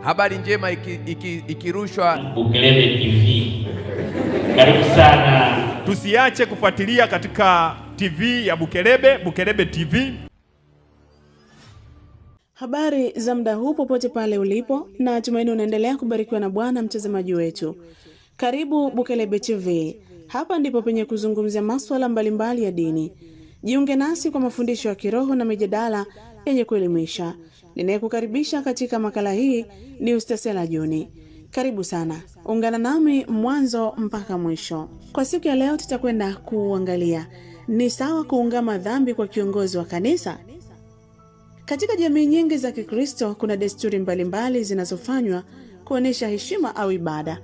Habari njema ikirushwa iki, iki Bukelebe TV. Karibu sana, tusiache kufuatilia katika TV ya Bukelebe, Bukelebe TV. Habari za muda huu popote pale ulipo, na tumaini unaendelea kubarikiwa na Bwana mtazamaji wetu. Karibu Bukelebe TV, hapa ndipo penye kuzungumzia masuala mbalimbali ya dini. Jiunge nasi kwa mafundisho ya kiroho na mijadala yenye kuelimisha. Ninayekukaribisha katika makala hii ni Ustasela Juni. Karibu sana, ungana nami mwanzo mpaka mwisho. Kwa siku ya leo, tutakwenda kuangalia ni sawa kuungama dhambi kwa kiongozi wa kanisa. Katika jamii nyingi za Kikristo kuna desturi mbalimbali zinazofanywa kuonyesha heshima au ibada.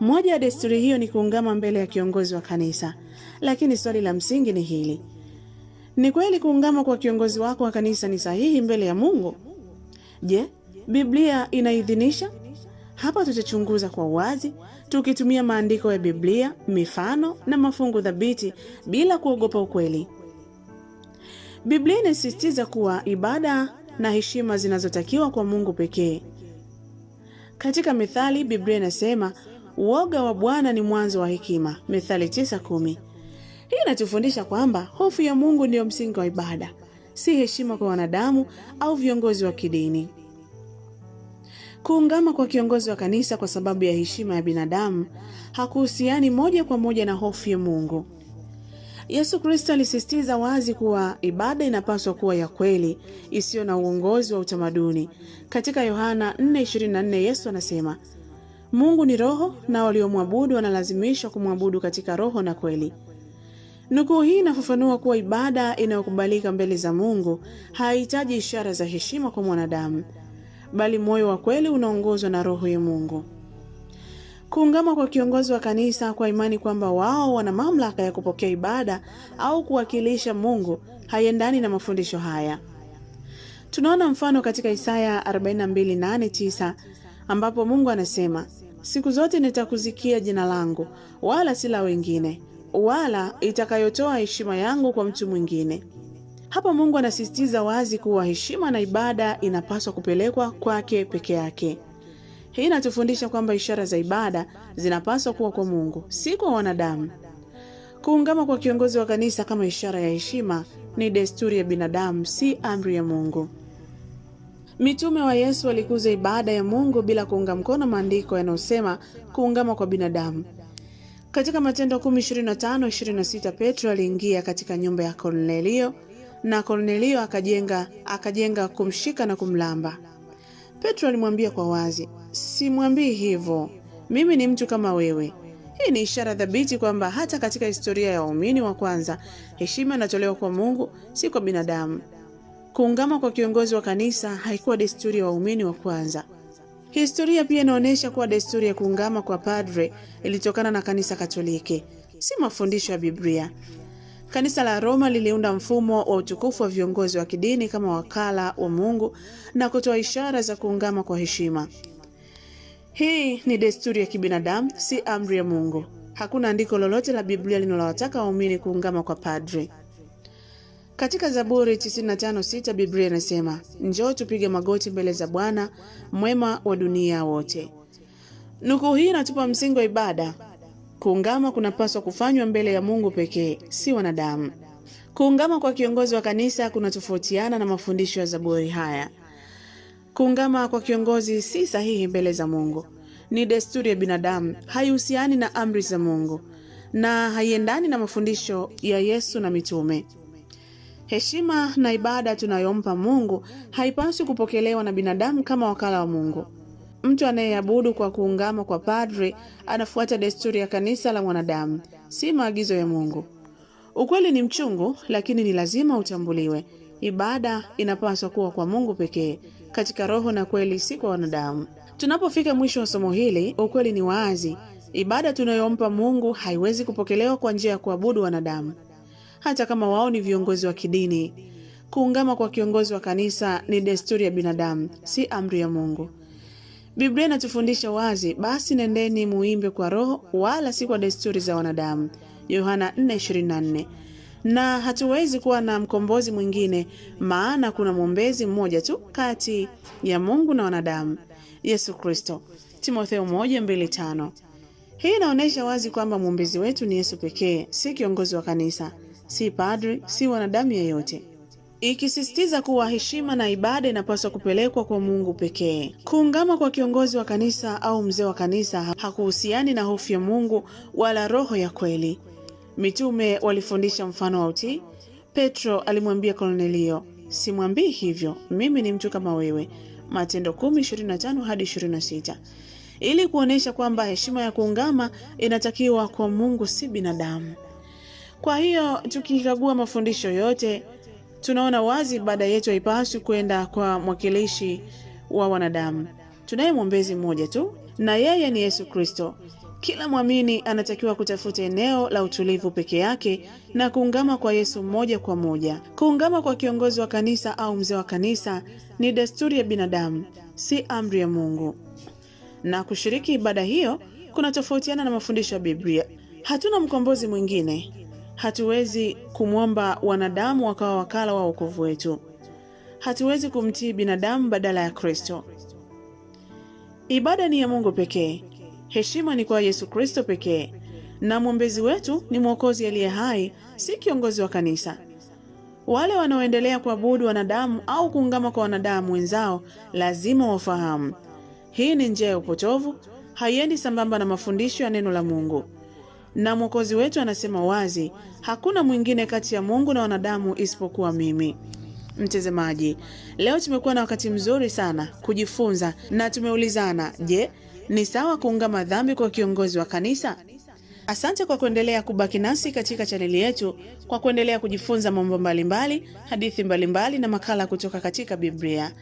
Moja ya desturi hiyo ni kuungama mbele ya kiongozi wa kanisa, lakini swali la msingi ni hili: ni kweli kuungama kwa kiongozi wako wa kanisa ni sahihi mbele ya Mungu? Je, Biblia inaidhinisha? Hapa tutachunguza kwa uwazi tukitumia maandiko ya Biblia, mifano na mafungu thabiti bila kuogopa ukweli. Biblia inasisitiza kuwa ibada na heshima zinazotakiwa kwa Mungu pekee. Katika Mithali, Biblia inasema uoga wa Bwana ni mwanzo wa hekima, Mithali 9:10. Hii inatufundisha kwamba hofu ya Mungu ndiyo msingi wa ibada, si heshima kwa wanadamu au viongozi wa kidini. Kuungama kwa kiongozi wa kanisa kwa sababu ya heshima ya binadamu hakuhusiani moja kwa moja na hofu ya Mungu. Yesu Kristo alisisitiza wazi kuwa ibada inapaswa kuwa ya kweli, isiyo na uongozi wa utamaduni. Katika Yohana 4:24 Yesu anasema, Mungu ni roho na waliomwabudu wanalazimishwa kumwabudu katika roho na kweli. Nukuu hii inafafanua kuwa ibada inayokubalika mbele za Mungu haihitaji ishara za heshima kwa mwanadamu, bali moyo wa kweli unaongozwa na Roho ya Mungu. Kuungama kwa kiongozi wa kanisa kwa imani kwamba wao wana mamlaka ya kupokea ibada au kuwakilisha Mungu haiendani na mafundisho haya. Tunaona mfano katika Isaya 42:8-9 ambapo Mungu anasema, siku zote nitakuzikia jina langu, wala si la wengine wala itakayotoa heshima yangu kwa mtu mwingine. Hapa Mungu anasisitiza wazi kuwa heshima na ibada inapaswa kupelekwa kwake peke yake. Hii inatufundisha kwamba ishara za ibada zinapaswa kuwa kwa Mungu, si kwa wanadamu. Kuungama kwa kiongozi wa kanisa kama ishara ya heshima ni desturi ya binadamu, si amri ya Mungu. Mitume wa Yesu walikuza ibada ya Mungu bila kuunga mkono maandiko yanayosema kuungama kwa binadamu. Katika Matendo 10:25 26, Petro aliingia katika nyumba ya Kornelio na Kornelio akajenga, akajenga kumshika na kumlamba. Petro alimwambia kwa wazi, simwambii hivyo, mimi ni mtu kama wewe. Hii ni ishara thabiti kwamba hata katika historia ya waumini wa kwanza heshima inatolewa kwa Mungu, si kwa binadamu. Kuungama kwa kiongozi wa kanisa haikuwa desturi ya waumini wa kwanza, Historia pia inaonyesha kuwa desturi ya kuungama kwa padre ilitokana na kanisa Katoliki, si mafundisho ya Biblia. Kanisa la Roma liliunda mfumo wa utukufu wa viongozi wa kidini kama wakala wa Mungu na kutoa ishara za kuungama kwa heshima. Hii ni desturi ya kibinadamu, si amri ya Mungu. Hakuna andiko lolote la Biblia linalowataka waumini kuungama kwa padre. Katika Zaburi 95:6 Biblia inasema, njoo tupige magoti mbele za Bwana mwema wa dunia wote. Nukuu hii inatupa msingi wa ibada. Kuungama kunapaswa kufanywa mbele ya Mungu pekee, si wanadamu. Kuungama kwa kiongozi wa kanisa kunatofautiana na mafundisho ya Zaburi haya. Kuungama kwa kiongozi si sahihi mbele za Mungu. Ni desturi ya binadamu, haihusiani na amri za Mungu na haiendani na mafundisho ya Yesu na mitume. Heshima na ibada tunayompa Mungu haipaswi kupokelewa na binadamu kama wakala wa Mungu. Mtu anayeabudu kwa kuungama kwa padri anafuata desturi ya kanisa la mwanadamu, si maagizo ya Mungu. Ukweli ni mchungu, lakini ni lazima utambuliwe. Ibada inapaswa kuwa kwa Mungu pekee, katika roho na kweli, si kwa wanadamu. Tunapofika mwisho wa somo hili, ukweli ni wazi: ibada tunayompa Mungu haiwezi kupokelewa kwa njia ya kuabudu wanadamu hata kama wao ni viongozi wa kidini. Kuungama kwa kiongozi wa kanisa ni desturi ya binadamu, si amri ya Mungu. Biblia inatufundisha wazi, basi nendeni muimbe kwa Roho, wala si kwa desturi za wanadamu, Yohana 4:24. Na hatuwezi kuwa na mkombozi mwingine, maana kuna mwombezi mmoja tu kati ya Mungu na wanadamu, Yesu Kristo, Timotheo 1:25. Hii inaonyesha wazi kwamba mwombezi wetu ni Yesu pekee, si kiongozi wa kanisa, si padri, si wanadamu yeyote, ikisisitiza kuwa heshima na ibada inapaswa kupelekwa kwa Mungu pekee. Kuungama kwa kiongozi wa kanisa au mzee wa kanisa hakuhusiani na hofu ya Mungu wala roho ya kweli. Mitume walifundisha mfano wa utii. Petro alimwambia Kornelio, simwambii hivyo, mimi ni mtu kama wewe. Matendo 10:25 hadi 26 ili kuonesha kwamba heshima ya kuungama inatakiwa kwa Mungu, si binadamu. Kwa hiyo tukikagua mafundisho yote, tunaona wazi ibada yetu haipaswi kwenda kwa mwakilishi wa wanadamu. Tunaye mwombezi mmoja tu, na yeye ni Yesu Kristo. Kila mwamini anatakiwa kutafuta eneo la utulivu peke yake na kuungama kwa Yesu moja kwa moja. Kuungama kwa kiongozi wa kanisa au mzee wa kanisa ni desturi ya binadamu, si amri ya Mungu na kushiriki ibada hiyo kunatofautiana na mafundisho ya Biblia. Hatuna mkombozi mwingine, hatuwezi kumwomba wanadamu wakawa wakala wa wokovu wetu, hatuwezi kumtii binadamu badala ya Kristo. Ibada ni ya Mungu pekee, heshima ni kwa Yesu Kristo pekee, na mwombezi wetu ni Mwokozi aliye hai, si kiongozi wa kanisa. Wale wanaoendelea kuabudu wanadamu au kuungama kwa wanadamu wenzao lazima wafahamu hii ni njia ya upotovu, haiendi sambamba na mafundisho ya neno la Mungu. Na Mwokozi wetu anasema wazi, hakuna mwingine kati ya Mungu na wanadamu isipokuwa mimi. Mtazamaji, leo tumekuwa na wakati mzuri sana kujifunza na tumeulizana, je, ni sawa kuungama dhambi kwa kiongozi wa kanisa? Asante kwa kuendelea kubaki nasi katika chaneli yetu kwa kuendelea kujifunza mambo mbalimbali, hadithi mbalimbali na makala kutoka katika Biblia.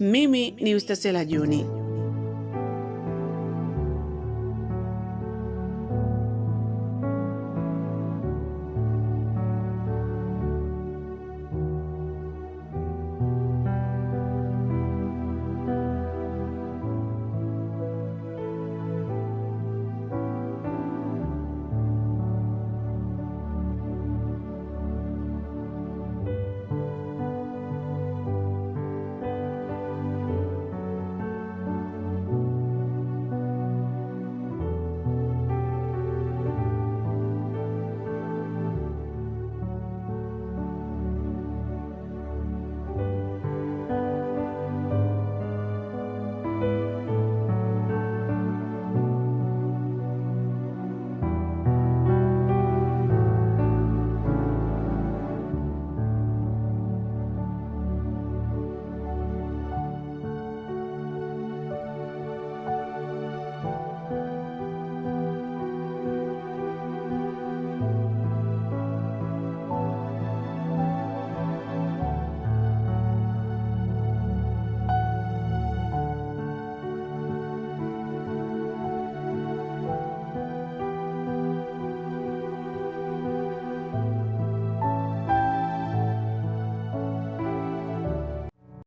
Mimi ni ustasela Juni.